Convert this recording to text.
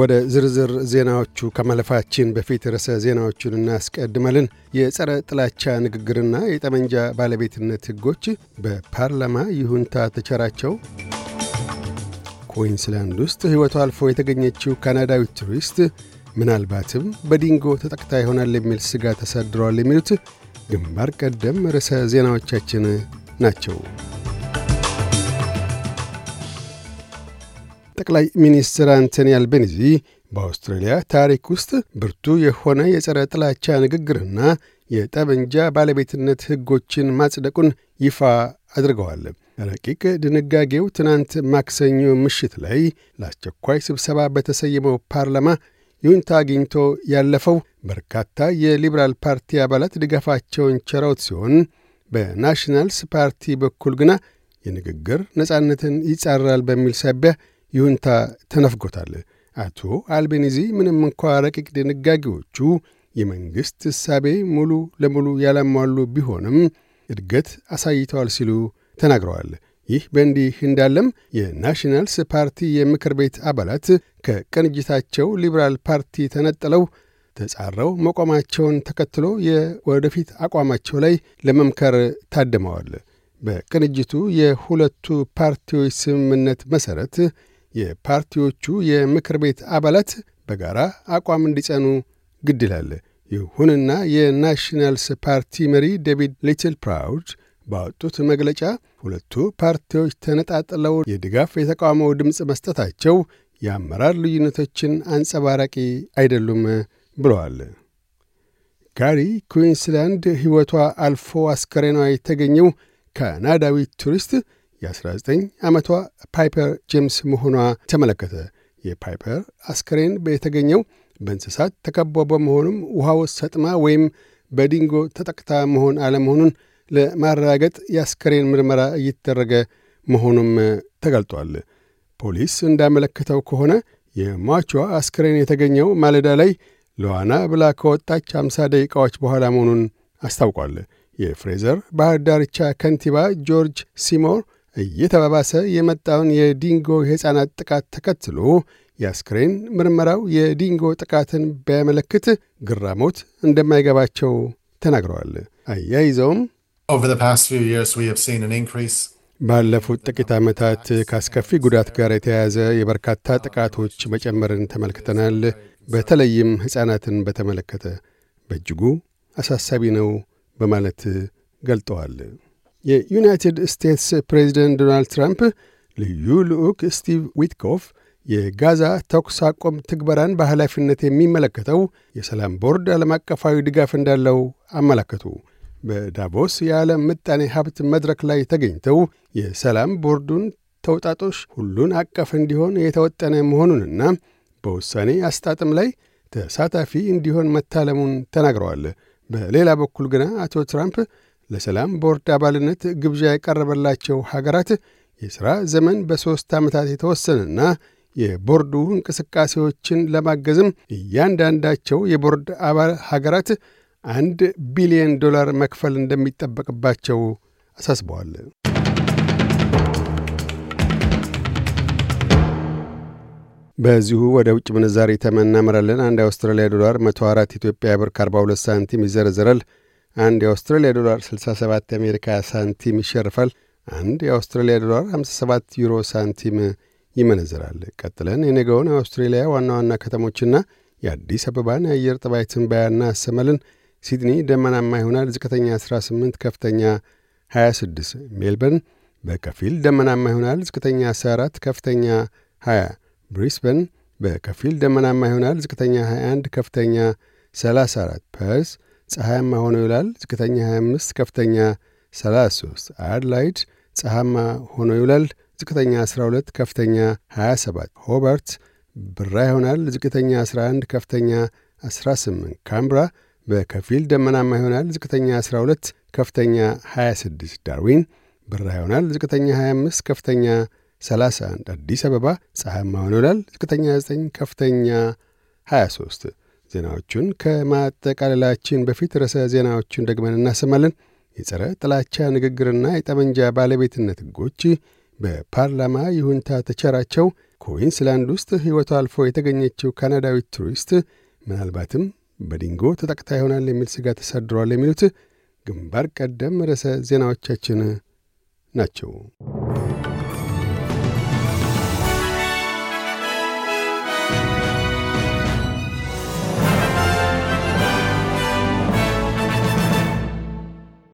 ወደ ዝርዝር ዜናዎቹ ከማለፋችን በፊት ርዕሰ ዜናዎቹን እናስቀድማለን። የጸረ ጥላቻ ንግግርና የጠመንጃ ባለቤትነት ሕጎች በፓርላማ ይሁንታ ተቸራቸው። ኩዊንስላንድ ውስጥ ሕይወቱ አልፎ የተገኘችው ካናዳዊት ቱሪስት ምናልባትም በዲንጎ ተጠቅታ ይሆናል የሚል ስጋት ተሰድሯል የሚሉት ግንባር ቀደም ርዕሰ ዜናዎቻችን ናቸው። ጠቅላይ ሚኒስትር አንቶኒ አልቤኒዚ በአውስትራሊያ ታሪክ ውስጥ ብርቱ የሆነ የጸረ ጥላቻ ንግግርና የጠመንጃ ባለቤትነት ሕጎችን ማጽደቁን ይፋ አድርገዋል። ረቂቅ ድንጋጌው ትናንት ማክሰኞ ምሽት ላይ ለአስቸኳይ ስብሰባ በተሰየመው ፓርላማ ይሁንታ አግኝቶ ያለፈው በርካታ የሊበራል ፓርቲ አባላት ድጋፋቸውን ቸረውት ሲሆን በናሽናልስ ፓርቲ በኩል ግና የንግግር ነጻነትን ይጻራል በሚል ሳቢያ ይሁንታ ተነፍጎታል። አቶ አልቤኒዚ ምንም እንኳ ረቂቅ ድንጋጌዎቹ የመንግሥት እሳቤ ሙሉ ለሙሉ ያላሟሉ ቢሆንም እድገት አሳይተዋል ሲሉ ተናግረዋል። ይህ በእንዲህ እንዳለም የናሽናልስ ፓርቲ የምክር ቤት አባላት ከቅንጅታቸው ሊበራል ፓርቲ ተነጥለው ተጻረው መቆማቸውን ተከትሎ የወደፊት አቋማቸው ላይ ለመምከር ታድመዋል። በቅንጅቱ የሁለቱ ፓርቲዎች ስምምነት መሠረት የፓርቲዎቹ የምክር ቤት አባላት በጋራ አቋም እንዲጸኑ ግድላል ይሁንና የናሽናልስ ፓርቲ መሪ ዴቪድ ሊትል ፕራውድ ባወጡት መግለጫ ሁለቱ ፓርቲዎች ተነጣጥለው የድጋፍ የተቃውሞው ድምፅ መስጠታቸው የአመራር ልዩነቶችን አንጸባራቂ አይደሉም ብለዋል። ጋሪ ኩዊንስላንድ ሕይወቷ አልፎ አስከሬኗ የተገኘው ካናዳዊ ቱሪስት የ19 ዓመቷ ፓይፐር ጄምስ መሆኗ ተመለከተ። የፓይፐር አስከሬን የተገኘው በእንስሳት ተከቧ በመሆኑም ውሃ ውስጥ ሰጥማ ወይም በዲንጎ ተጠቅታ መሆን አለመሆኑን ለማረጋገጥ የአስከሬን ምርመራ እየተደረገ መሆኑም ተገልጧል። ፖሊስ እንዳመለከተው ከሆነ የሟቿ አስክሬን የተገኘው ማለዳ ላይ ለዋና ብላ ከወጣች 50 ደቂቃዎች በኋላ መሆኑን አስታውቋል። የፍሬዘር ባህር ዳርቻ ከንቲባ ጆርጅ ሲሞር እየተባባሰ የመጣውን የዲንጎ የሕፃናት ጥቃት ተከትሎ የአስክሬን ምርመራው የዲንጎ ጥቃትን ቢያመለክት ግራሞት እንደማይገባቸው ተናግረዋል። አያይዘውም ባለፉት ጥቂት ዓመታት ከአስከፊ ጉዳት ጋር የተያያዘ የበርካታ ጥቃቶች መጨመርን ተመልክተናል። በተለይም ሕፃናትን በተመለከተ በእጅጉ አሳሳቢ ነው በማለት ገልጠዋል። የዩናይትድ ስቴትስ ፕሬዚደንት ዶናልድ ትራምፕ ልዩ ልዑክ ስቲቭ ዊትኮፍ የጋዛ ተኩስ አቆም ትግበራን በኃላፊነት የሚመለከተው የሰላም ቦርድ ዓለም አቀፋዊ ድጋፍ እንዳለው አመላከቱ። በዳቮስ የዓለም ምጣኔ ሀብት መድረክ ላይ ተገኝተው የሰላም ቦርዱን ተውጣጦሽ ሁሉን አቀፍ እንዲሆን የተወጠነ መሆኑንና በውሳኔ አስጣጥም ላይ ተሳታፊ እንዲሆን መታለሙን ተናግረዋል። በሌላ በኩል ግና አቶ ትራምፕ ለሰላም ቦርድ አባልነት ግብዣ የቀረበላቸው ሀገራት የሥራ ዘመን በሦስት ዓመታት የተወሰነና የቦርዱ እንቅስቃሴዎችን ለማገዝም እያንዳንዳቸው የቦርድ አባል ሀገራት አንድ ቢሊዮን ዶላር መክፈል እንደሚጠበቅባቸው አሳስበዋል። በዚሁ ወደ ውጭ ምንዛሪ ተመናመራለን። አንድ የአውስትራሊያ ዶላር 104 ኢትዮጵያ ብር ከ42 ሳንቲም ይዘረዘራል። አንድ የአውስትራሊያ ዶላር 67 የአሜሪካ ሳንቲም ይሸርፋል። አንድ የአውስትራሊያ ዶላር 57 ዩሮ ሳንቲም ይመነዝራል ቀጥለን የነገውን የአውስትሬሊያ ዋና ዋና ከተሞችና የአዲስ አበባን የአየር ጠባይ ትንባያና አሰመልን። ሲድኒ ደመናማ ይሆናል። ዝቅተኛ 18፣ ከፍተኛ 26። ሜልበርን በከፊል ደመናማ ይሆናል። ዝቅተኛ 14፣ ከፍተኛ 20። ብሪስበን በከፊል ደመናማ ይሆናል። ዝቅተኛ 21፣ ከፍተኛ 34። ፐርስ ፀሐያማ ሆኖ ይውላል። ዝቅተኛ 25፣ ከፍተኛ 33። አድላይድ ፀሐያማ ሆኖ ይውላል። ዝቅተኛ 12፣ ከፍተኛ 27። ሆበርት ብራ ይሆናል። ዝቅተኛ 11፣ ከፍተኛ 18። ካምብራ በከፊል ደመናማ ይሆናል። ዝቅተኛ 12፣ ከፍተኛ 26። ዳርዊን ብራ ይሆናል። ዝቅተኛ 25፣ ከፍተኛ 31። አዲስ አበባ ፀሐያማ ሆኖ ይውላል። ዝቅተኛ 9፣ ከፍተኛ 23። ዜናዎቹን ከማጠቃለላችን በፊት ርዕሰ ዜናዎቹን ደግመን እናሰማለን። የጸረ ጥላቻ ንግግርና የጠመንጃ ባለቤትነት ሕጎች በፓርላማ ይሁንታ ተቸራቸው። ኩዊንስላንድ ውስጥ ሕይወቷ አልፎ የተገኘችው ካናዳዊት ቱሪስት ምናልባትም በዲንጎ ተጠቅታ ይሆናል የሚል ስጋት ተሰድሯል የሚሉት ግንባር ቀደም ርዕሰ ዜናዎቻችን ናቸው።